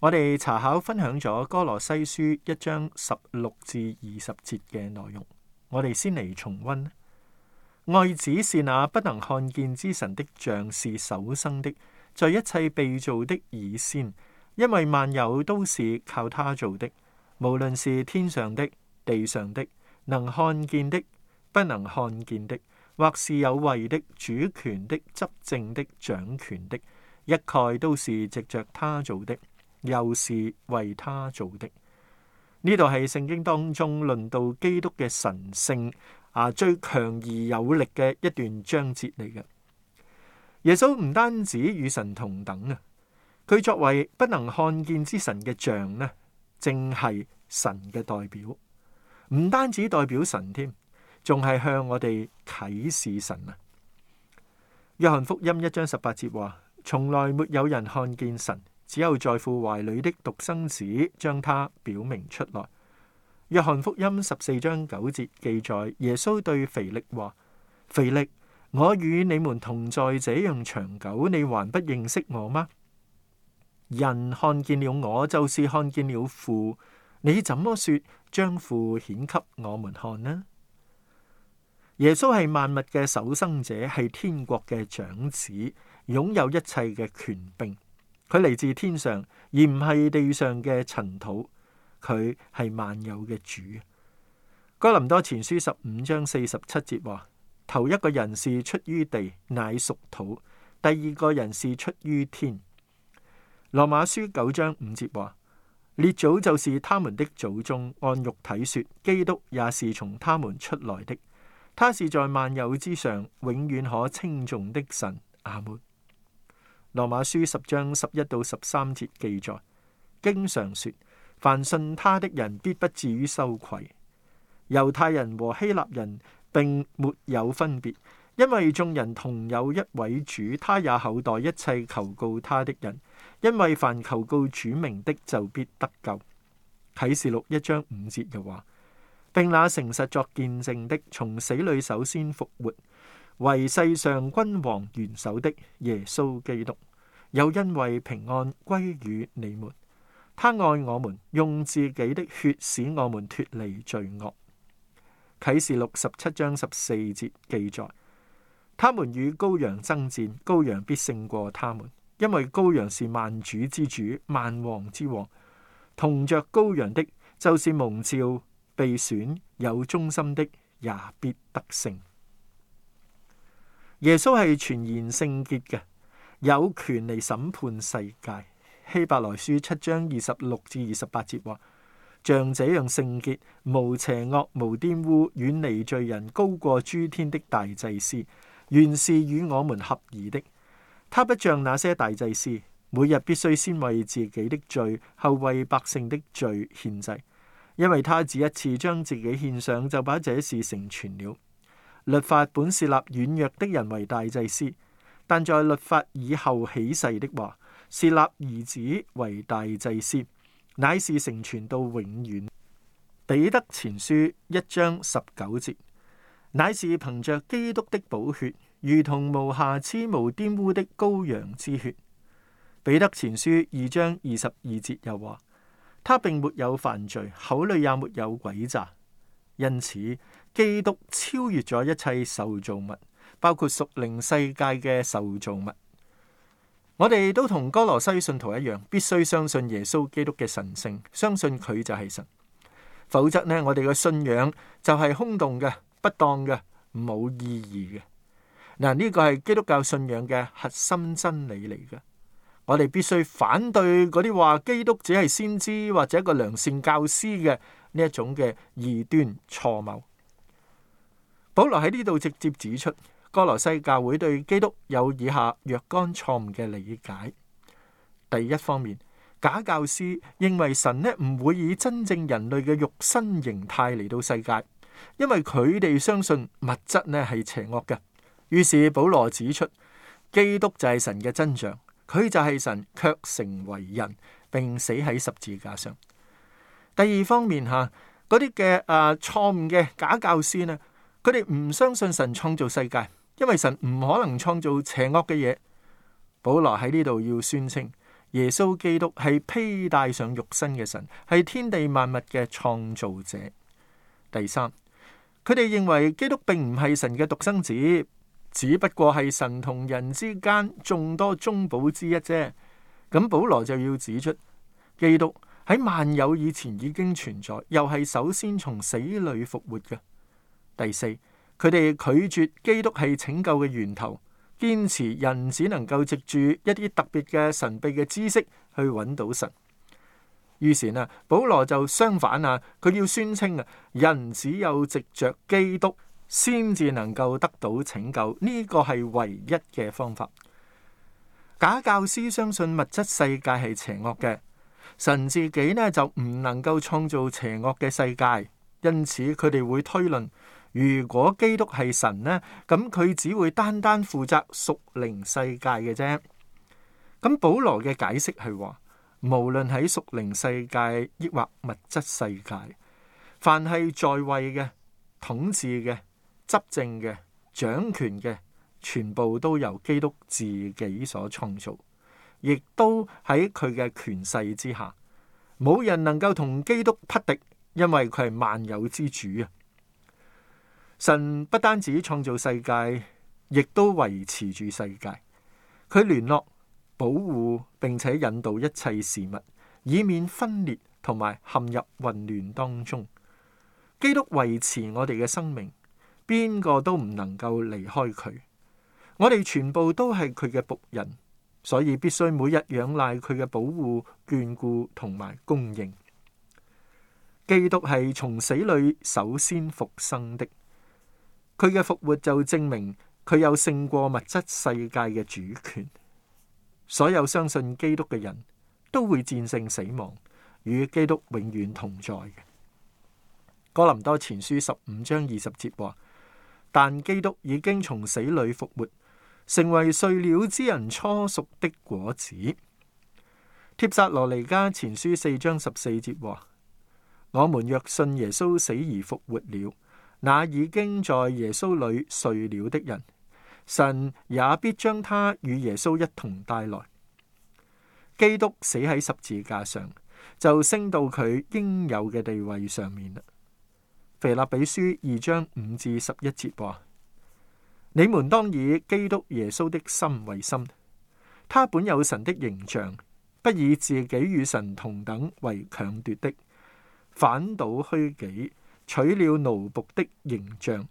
我哋查考分享咗《哥羅西書》一章十六至二十節嘅內容。我哋先嚟重溫：愛子是那、啊、不能看見之神的像，是首生的，在一切被造的以先，因為萬有都是靠他造的，無論是天上的、地上的，能看見的、不能看見的，或是有位的、主權的、執政的、掌權的，一概都是藉着他造的。又是為他做的。呢度係聖經當中論到基督嘅神聖啊，最強而有力嘅一段章節嚟嘅。耶穌唔單止與神同等啊，佢作為不能看見之神嘅像呢，正係神嘅代表。唔單止代表神添，仲係向我哋啟示神啊。約翰福音一章十八節話：從來沒有人看見神。只有在父懷裏的獨生子，將他表明出來。約翰福音十四章九節記載，耶穌對腓力話：腓力，我與你們同在這樣長久，你還不認識我嗎？人看見了我，就是看見了父。你怎麼說，將父顯給我們看呢？耶穌係萬物嘅首生者，係天國嘅長子，擁有一切嘅權柄。佢嚟自天上，而唔係地上嘅塵土。佢係萬有嘅主。哥林多前書十五章四十七節話：頭一個人是出於地，乃屬土；第二個人是出於天。羅馬書九章五節話：列祖就是他們的祖宗，按肉體說，基督也是從他們出來的。他是在萬有之上，永遠可稱頌的神阿門。羅馬書十章十一到十三節記載，經常說，凡信他的人必不至於羞愧。猶太人和希臘人並沒有分別，因為眾人同有一位主，他也厚待一切求告他的人。因為凡求告主名的就必得救。啟示錄一章五節又話，並那誠實作見證的，從死裏首先復活。為世上君王元首的耶穌基督，又因為平安歸於你們，他愛我們，用自己的血使我們脫離罪惡。啟示錄十七章十四節記載：他們與羔羊爭戰，羔羊必勝過他們，因為羔羊是萬主之主，萬王之王。同着羔羊的，就是蒙召、被選、有忠心的，也必得勝。耶穌係全然聖潔嘅，有權利審判世界。希伯來書七章二十六至二十八節話：像這樣聖潔、無邪惡、無玷污、遠離罪人、高過諸天的大祭司，原是與我們合宜的。他不像那些大祭司，每日必須先為自己的罪，後為百姓的罪獻祭，因為他只一次將自己獻上，就把這事成全了。律法本是立軟弱的人為大祭司，但在律法以後起誓的話，是立兒子為大祭司，乃是成全到永遠。彼得前書一章十九節，乃是憑着基督的寶血，如同無瑕疵無玷污的羔羊之血。彼得前書二章二十二節又話，他並沒有犯罪，口裏也沒有詭詐，因此。基督超越咗一切受造物，包括屬靈世界嘅受造物。我哋都同哥羅西信徒一樣，必須相信耶穌基督嘅神聖，相信佢就係神。否則呢，我哋嘅信仰就係空洞嘅，不當嘅，冇意義嘅。嗱，呢個係基督教信仰嘅核心真理嚟嘅。我哋必須反對嗰啲話基督只係先知或者一個良善教師嘅呢一種嘅異端錯謬。保羅喺呢度直接指出，哥羅西教會對基督有以下若干錯誤嘅理解。第一方面，假教師認為神呢唔會以真正人類嘅肉身形態嚟到世界，因為佢哋相信物質呢係邪惡嘅。於是保羅指出，基督就係神嘅真相，佢就係神，卻成為人，並死喺十字架上。第二方面吓，嗰啲嘅誒錯誤嘅假教師呢？佢哋唔相信神創造世界，因為神唔可能創造邪惡嘅嘢。保羅喺呢度要宣稱，耶穌基督係披戴上肉身嘅神，係天地萬物嘅創造者。第三，佢哋認為基督並唔係神嘅獨生子，只不過係神同人之間眾多中保之一啫。咁保羅就要指出，基督喺萬有以前已經存在，又係首先從死裏復活嘅。第四，佢哋拒絕基督係拯救嘅源頭，堅持人只能夠藉住一啲特別嘅神秘嘅知識去揾到神。於是啊，保羅就相反啊，佢要宣稱啊，人只有藉着基督先至能夠得到拯救，呢個係唯一嘅方法。假教師相信物質世界係邪惡嘅，神自己呢就唔能夠創造邪惡嘅世界，因此佢哋會推論。如果基督係神呢，咁佢只會單單負責屬靈世界嘅啫。咁保羅嘅解釋係話，無論喺屬靈世界抑或物質世界，凡係在位嘅、統治嘅、執政嘅、掌權嘅，全部都由基督自己所創造，亦都喺佢嘅權勢之下，冇人能夠同基督匹敵，因為佢係萬有之主啊！神不單止創造世界，亦都維持住世界。佢聯絡、保護並且引導一切事物，以免分裂同埋陷入混亂當中。基督維持我哋嘅生命，邊個都唔能夠離開佢。我哋全部都係佢嘅僕人，所以必須每日仰賴佢嘅保護、眷顧同埋供應。基督係從死裏首先復生的。佢嘅復活就證明佢有勝過物質世界嘅主權。所有相信基督嘅人都會戰勝死亡，與基督永遠同在嘅。哥林多前書十五章二十節話：但基督已經從死裏復活，成為睡了之人初熟的果子。帖撒羅尼迦前書四章十四節話：我們若信耶穌死而復活了。那已經在耶穌裏睡了的人，神也必將他與耶穌一同帶來。基督死喺十字架上，就升到佢應有嘅地位上面啦。腓立比書二章五至十一節話：你們當以基督耶穌的心為心，他本有神的形象，不以自己與神同等為強奪的，反倒虛己。取了奴僕的形象，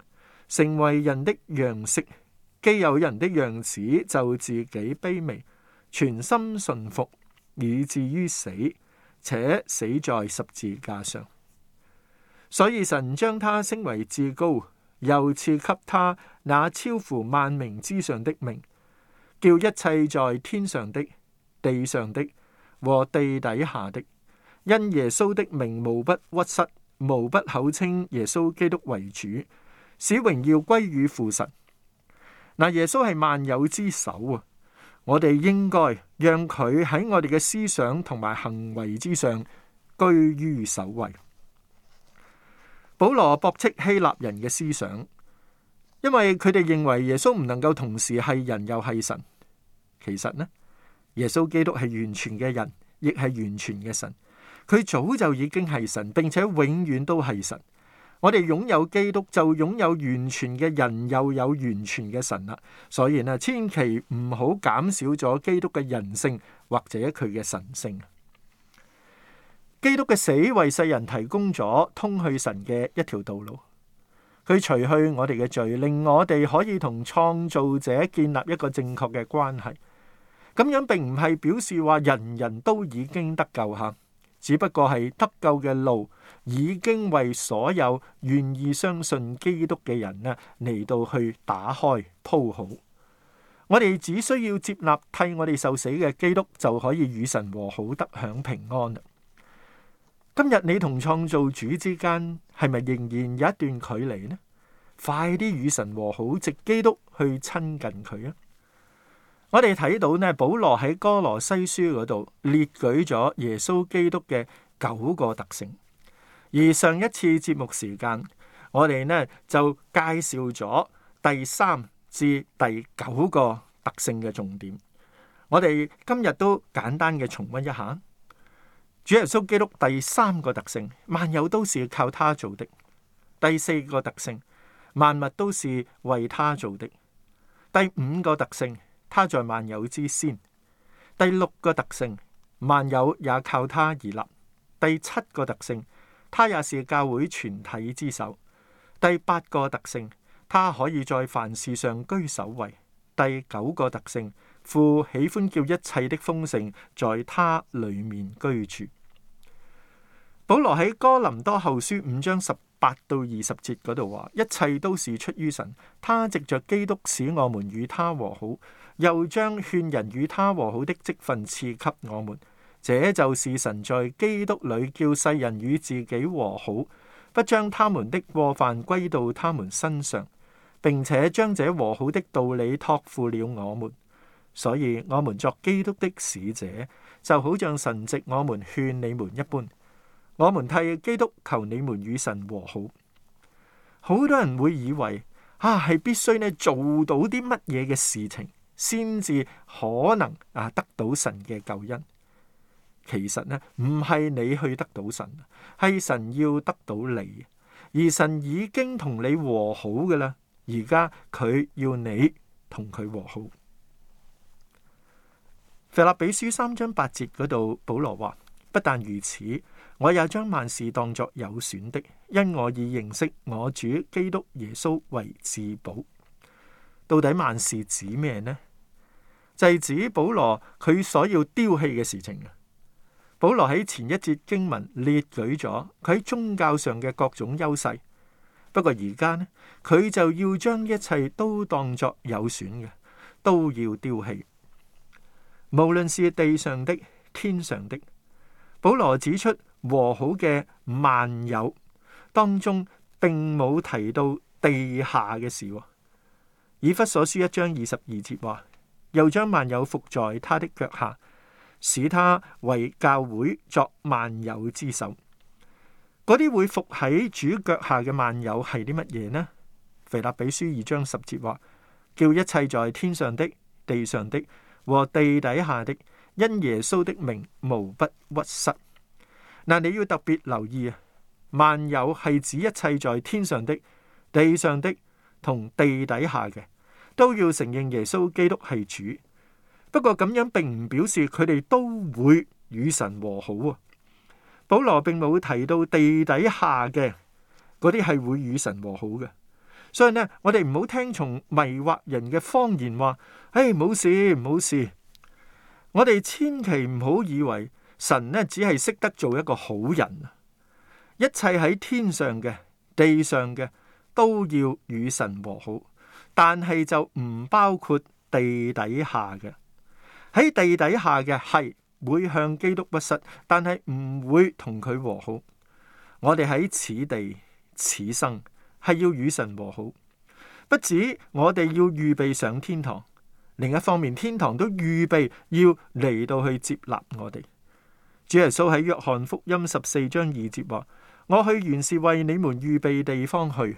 成為人的樣式，既有人的樣子，就自己卑微，全心順服，以至於死，且死在十字架上。所以神將他升為至高，又賜給他那超乎萬名之上的名，叫一切在天上的、地上的和地底下的，因耶穌的名無不屈膝。無不口稱耶穌基督為主，使榮耀歸於父神。嗱，耶穌係萬有之首啊！我哋應該讓佢喺我哋嘅思想同埋行為之上居於首位。保羅駁斥希臘人嘅思想，因為佢哋認為耶穌唔能夠同時係人又係神。其實呢，耶穌基督係完全嘅人，亦係完全嘅神。佢早就已經係神，並且永遠都係神。我哋擁有基督就擁有完全嘅人，又有完全嘅神啊。所以呢，千祈唔好減少咗基督嘅人性或者佢嘅神性。基督嘅死為世人提供咗通去神嘅一條道路，佢除去我哋嘅罪，令我哋可以同創造者建立一個正確嘅關係。咁樣並唔係表示話人人都已經得救下。只不過係得救嘅路已經為所有願意相信基督嘅人咧嚟到去打開鋪好，我哋只需要接納替我哋受死嘅基督就可以與神和好，得享平安啦。今日你同創造主之間係咪仍然有一段距離呢？快啲與神和好，藉基督去親近佢啊！我哋睇到呢，保羅喺歌羅西書嗰度列舉咗耶穌基督嘅九個特性。而上一次節目時間，我哋呢就介紹咗第三至第九個特性嘅重點。我哋今日都簡單嘅重溫一下主耶穌基督第三個特性：萬有都是靠他做的；第四個特性：萬物都是為他做的；第五個特性。他在萬有之先，第六個特性，萬有也靠他而立；第七個特性，他也是教會全體之首；第八個特性，他可以在凡事上居首位；第九個特性，父喜歡叫一切的豐盛在他裏面居住。保羅喺哥林多後書五章十八到二十節嗰度話，一切都是出於神，他藉着基督使我們與他和好，又將勸人與他和好的職分賜給我們。這就是神在基督裏叫世人與自己和好，不將他們的過犯歸，歸到他們身上，並且將這和好的道理託付了我們。所以，我們作基督的使者，就好像神藉我們勸你們一般。我們替基督求你們與神和好。好多人會以為啊，係必須你做到啲乜嘢嘅事情，先至可能啊得到神嘅救恩。其實呢，唔係你去得到神，係神要得到你，而神已經同你和好嘅啦。而家佢要你同佢和好。腓立比書三章八節嗰度，保羅話：不但如此。我也將萬事當作有損的，因我已認識我主基督耶穌為至寶。到底萬事指咩呢？就係指保羅佢所要丟棄嘅事情啊！保羅喺前一節經文列舉咗佢喺宗教上嘅各種優勢，不過而家呢，佢就要將一切都當作有損嘅，都要丟棄，無論是地上的、天上的。保羅指出。和好嘅萬有當中，並冇提到地下嘅事。以弗所書一章二十二節話：又將萬有伏在他的腳下，使他為教會作萬有之首。嗰啲會伏喺主腳下嘅萬有係啲乜嘢呢？腓立比書二章十節話：叫一切在天上的、地上的和地底下的，因耶穌的名，無不屈膝。嗱，但你要特別留意啊！萬有係指一切在天上的、地上的同地底下嘅，都要承認耶穌基督係主。不過咁樣並唔表示佢哋都會與神和好啊！保羅並冇提到地底下嘅嗰啲係會與神和好嘅，所以呢，我哋唔好聽從迷惑人嘅謊言話：哎，冇事，冇事，我哋千祈唔好以為。神呢，只係識得做一個好人，一切喺天上嘅、地上嘅都要與神和好，但係就唔包括地底下嘅。喺地底下嘅係會向基督屈膝，但係唔會同佢和好。我哋喺此地、此生係要與神和好，不止我哋要預備上天堂，另一方面天堂都預備要嚟到去接納我哋。主耶穌喺約翰福音十四章二節話：「我去原是為你們預備地方去。」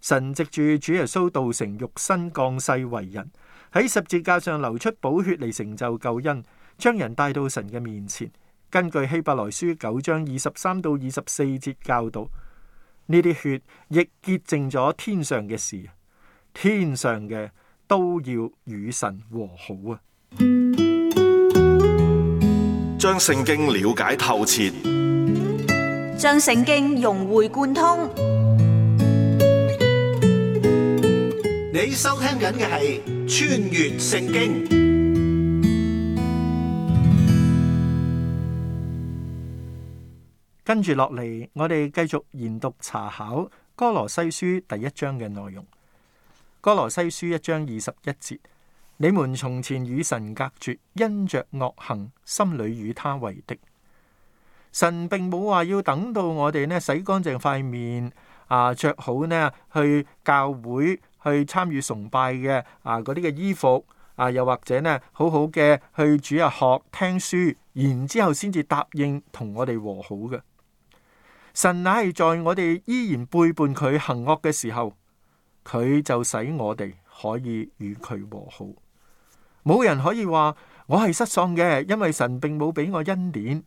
神藉住主耶穌道成肉身降世為人，喺十字架上流出寶血嚟，成就救恩，將人帶到神嘅面前。根據希伯來書九章二十三到二十四節教導，呢啲血亦潔淨咗天上嘅事，天上嘅都要與神和好啊！將聖經了解透徹，將聖經融會貫通。你收聽緊嘅係穿越聖經。跟住落嚟，我哋繼續研讀查考歌羅西書第一章嘅內容。歌羅西書一章二十一節。你們從前與神隔絕，因着惡行，心裏與他為敵。神並冇話要等到我哋呢洗乾淨塊面啊，着好呢去教會去參與崇拜嘅啊，嗰啲嘅衣服啊，又或者呢好好嘅去主日學聽書，然之後先至答應同我哋和好嘅。神乃係在我哋依然背叛佢行惡嘅時候，佢就使我哋可以與佢和好。冇人可以話我係失喪嘅，因為神並冇俾我恩典。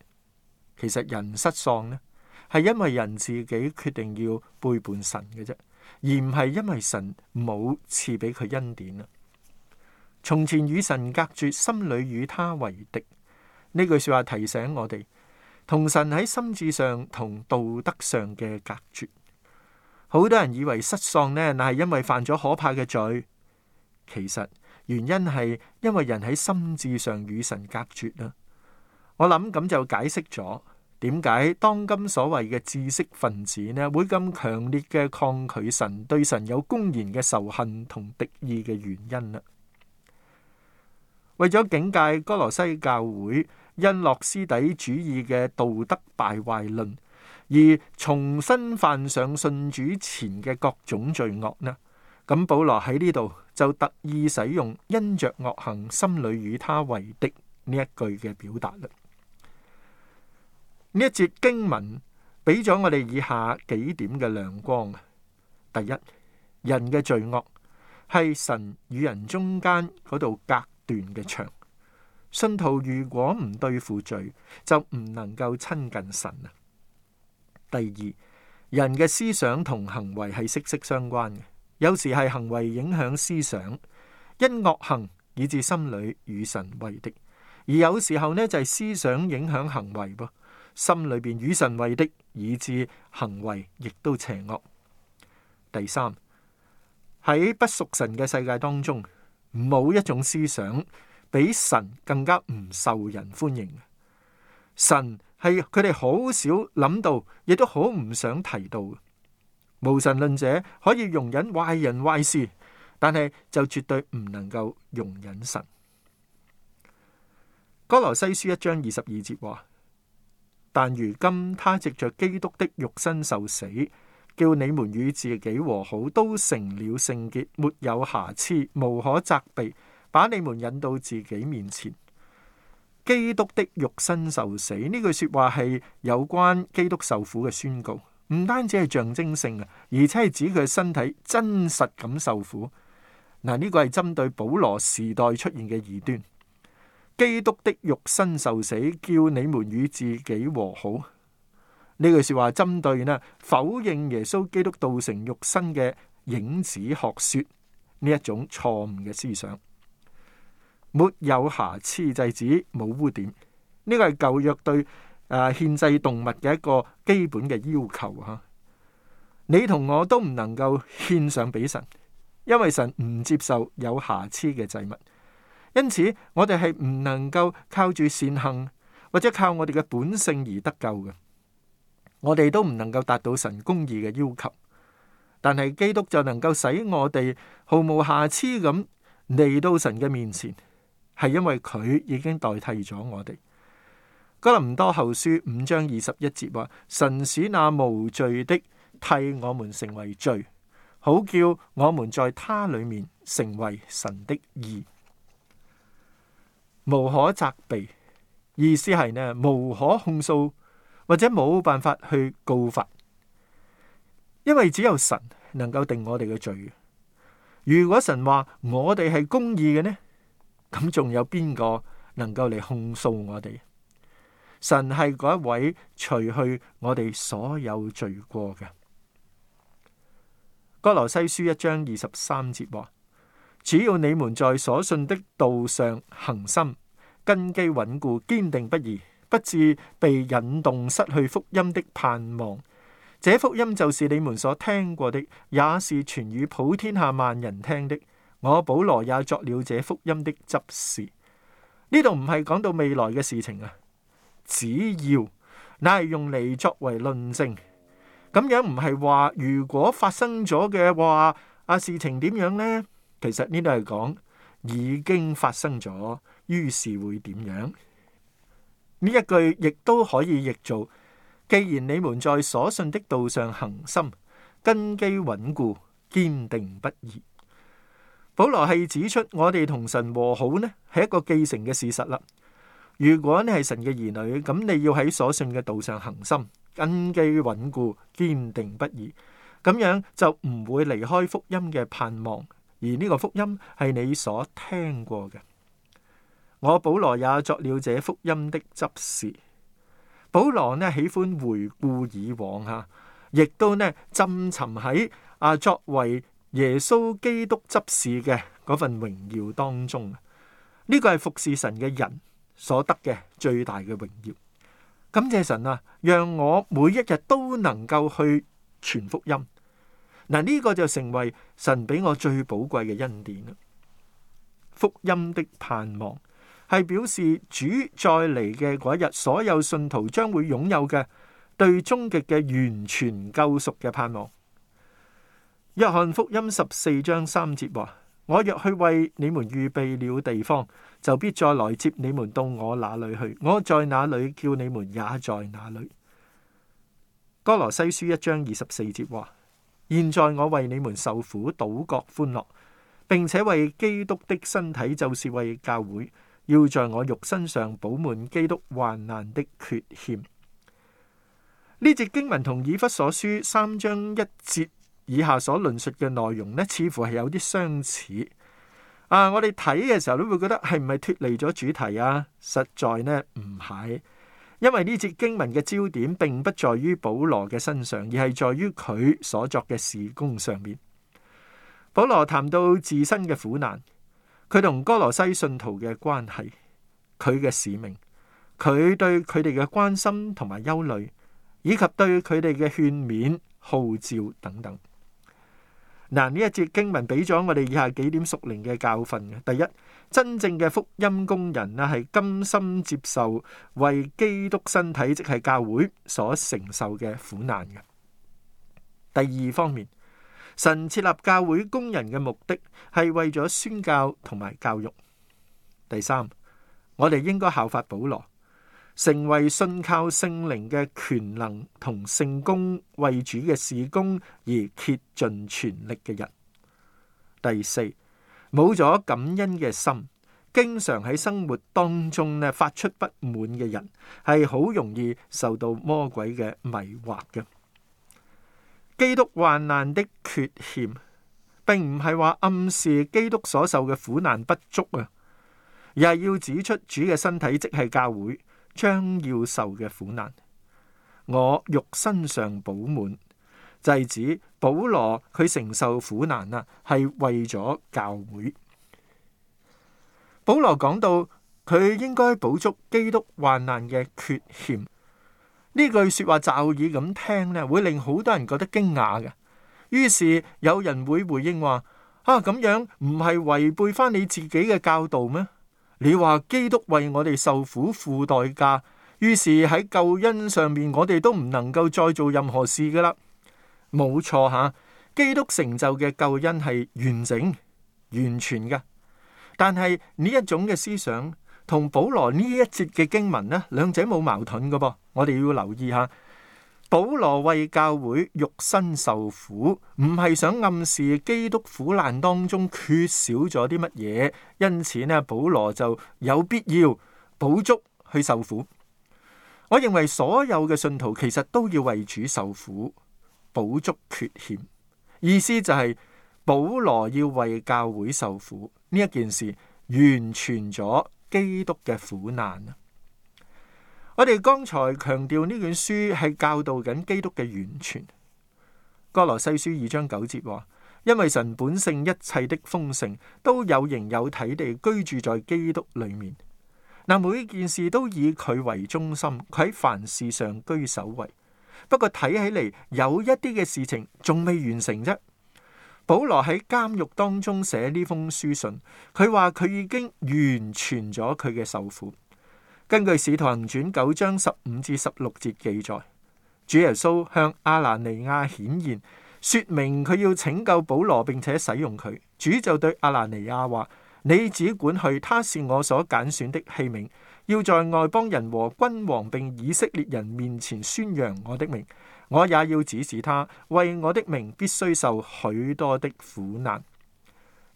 其實人失喪呢，係因為人自己決定要背叛神嘅啫，而唔係因為神冇賜俾佢恩典啊。從前與神隔絕，心裏與他為敵。呢句說話提醒我哋，同神喺心智上同道德上嘅隔絕。好多人以為失喪呢，係因為犯咗可怕嘅罪，其實。原因係因為人喺心智上與神隔絕啦。我諗咁就解釋咗點解當今所謂嘅知識分子呢，會咁強烈嘅抗拒神，對神有公然嘅仇恨同敵意嘅原因啦。為咗警戒歌羅西教會因諾斯底主義嘅道德敗壞論而重新犯上信主前嘅各種罪惡呢，咁保羅喺呢度就特意使用因着惡行心裏與他為敵呢一句嘅表達啦。呢一節經文俾咗我哋以下幾點嘅亮光啊。第一，人嘅罪惡係神與人中間嗰度隔斷嘅牆，信徒如果唔對付罪，就唔能夠親近神啊。第二，人嘅思想同行為係息息相關嘅。有時係行為影響思想，因惡行以致心裏與神為敵；而有時候呢就係思想影響行為噃，心裏邊與神為敵，以致行為亦都邪惡。第三，喺不屬神嘅世界當中，冇一種思想比神更加唔受人歡迎嘅。神係佢哋好少諗到，亦都好唔想提到。無神論者可以容忍壞人壞事，但係就絕對唔能夠容忍神。哥羅西書一章二十二節話：但如今他藉着基督的肉身受死，叫你們與自己和好，都成了聖潔，沒有瑕疵，無可責備，把你們引到自己面前。基督的肉身受死呢句說話係有關基督受苦嘅宣告。唔單止係象徵性啊，而且係指佢嘅身體真實咁受苦。嗱，呢個係針對保羅時代出現嘅異端。基督的肉身受死，叫你們與自己和好。呢句說話針對呢否認耶穌基督道成肉身嘅影子學說呢一種錯誤嘅思想。沒有瑕疵就指，冇污點。呢個係舊約對。誒，獻祭、啊、動物嘅一個基本嘅要求吓，你同我都唔能夠獻上俾神，因為神唔接受有瑕疵嘅祭物。因此，我哋係唔能夠靠住善行或者靠我哋嘅本性而得救嘅。我哋都唔能夠達到神公義嘅要求，但係基督就能夠使我哋毫無瑕疵咁嚟到神嘅面前，係因為佢已經代替咗我哋。哥林多後書五章二十一節話：神使那無罪的替我們成為罪，好叫我們在他裏面成為神的義，無可責備。意思係呢，無可控訴，或者冇辦法去告發，因為只有神能夠定我哋嘅罪。如果神話我哋係公義嘅呢，咁仲有邊個能夠嚟控訴我哋？神係嗰一位除去我哋所有罪過嘅。歌羅西書一章二十三節話：只要你們在所信的道上恒心，根基穩固，堅定不移，不致被引動，失去福音的盼望。這福音就是你們所聽過的，也是傳與普天下萬人聽的。我保羅也作了這福音的執事。呢度唔係講到未來嘅事情啊。只要，乃係用嚟作為論證，咁樣唔係話如果發生咗嘅話，啊事情點樣呢？其實呢度係講已經發生咗，於是會點樣？呢一句亦都可以譯做：既然你們在所信的道上恒心，根基穩固，堅定不移。保羅係指出，我哋同神和好呢，係一個既成嘅事實啦。如果你係神嘅兒女，咁你要喺所信嘅道上恒心，根基穩固，堅定不移，咁樣就唔會離開福音嘅盼望。而呢個福音係你所聽過嘅。我保羅也作了這福音的執事。保羅呢，喜歡回顧以往吓，亦都呢，浸沉喺啊，作為耶穌基督執事嘅嗰份榮耀當中。呢個係服侍神嘅人。所得嘅最大嘅榮耀，感謝神啊，讓我每一日都能夠去傳福音。嗱，呢個就成為神俾我最寶貴嘅恩典啦。福音的盼望係表示主再嚟嘅嗰日，所有信徒將會擁有嘅對終極嘅完全救贖嘅盼望。約翰福音十四章三節話。我若去為你們預備了地方，就必再來接你們到我那裏去。我在哪裏，叫你們也在哪裏。歌羅西書一章二十四節話：現在我為你們受苦，倒覺歡樂，並且為基督的身體，就是為教會，要在我肉身上補滿基督患難的缺欠。呢節經文同以弗所書三章一節。以下所論述嘅內容呢，似乎係有啲相似啊。我哋睇嘅時候都會覺得係唔係脫離咗主題啊？實在呢，唔係，因為呢節經文嘅焦點並不在於保羅嘅身上，而係在於佢所作嘅事工上面。保羅談到自身嘅苦難，佢同哥羅西信徒嘅關係，佢嘅使命，佢對佢哋嘅關心同埋憂慮，以及對佢哋嘅勸勉、號召等等。嗱，呢一節經文俾咗我哋以下幾點屬靈嘅教訓嘅。第一，真正嘅福音工人呢係甘心接受為基督身體，即係教會所承受嘅苦難嘅。第二方面，神設立教會工人嘅目的係為咗宣教同埋教育。第三，我哋應該效法保羅，成為信靠聖靈嘅權能同聖工，為主嘅事工而竭盡全力嘅人。第四，冇咗感恩嘅心，經常喺生活當中咧發出不滿嘅人，係好容易受到魔鬼嘅迷惑嘅。基督患難的缺欠，並唔係話暗示基督所受嘅苦難不足啊，而係要指出主嘅身體即係教會。將要受嘅苦難，我肉身上補滿，就係、是、指保羅佢承受苦難啊，係為咗教會。保羅講到佢應該補足基督患難嘅缺欠。呢句說話驟耳咁聽咧，會令好多人覺得驚訝嘅。於是有人會回應話：啊，咁樣唔係違背翻你自己嘅教導咩？你話基督為我哋受苦付代價，於是喺救恩上面我哋都唔能夠再做任何事噶啦，冇錯吓。基督成就嘅救恩係完整、完全嘅，但係呢一種嘅思想同保羅呢一節嘅經文呢，兩者冇矛盾噶噃。我哋要留意下。保羅為教會肉身受苦，唔係想暗示基督苦難當中缺少咗啲乜嘢，因此呢，保羅就有必要補足去受苦。我認為所有嘅信徒其實都要為主受苦，補足缺欠。意思就係保羅要為教會受苦呢一件事，完全咗基督嘅苦難。我哋剛才強調呢卷書係教導緊基督嘅完全。哥羅西書二章九節話，因為神本性一切的豐盛都有形有體地居住在基督裏面。嗱，每件事都以佢為中心，佢喺凡事上居首位。不過睇起嚟有一啲嘅事情仲未完成啫。保羅喺監獄當中寫呢封書信，佢話佢已經完全咗佢嘅受苦。根據《使徒行傳》九章十五至十六節記載，主耶穌向阿拿尼亞顯現，說明佢要拯救保羅，並且使用佢。主就對阿拿尼亞話：「你只管去，他是我所揀選的器皿，要在外邦人和君王並以色列人面前宣揚我的名。我也要指示他，為我的名必須受許多的苦難。」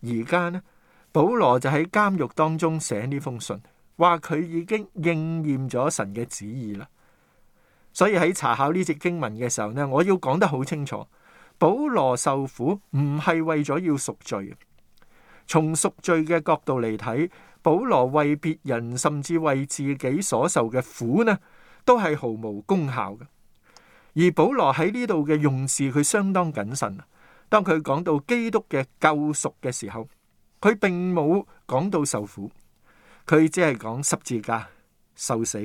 而家呢，保羅就喺監獄當中寫呢封信。話佢已經應驗咗神嘅旨意啦，所以喺查考呢節經文嘅時候呢，我要講得好清楚，保羅受苦唔係為咗要贖罪。從贖罪嘅角度嚟睇，保羅為別人甚至為自己所受嘅苦呢，都係毫無功效嘅。而保羅喺呢度嘅用字，佢相當謹慎。當佢講到基督嘅救贖嘅時候，佢並冇講到受苦。佢只係講十字架、受死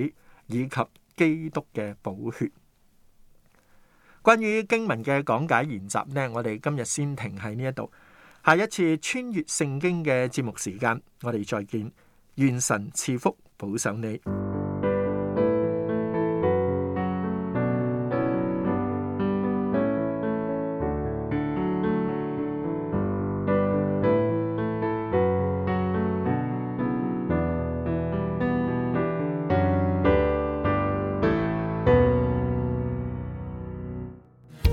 以及基督嘅寶血。關於經文嘅講解研習呢，我哋今日先停喺呢一度。下一次穿越聖經嘅節目時間，我哋再見。願神賜福保守你。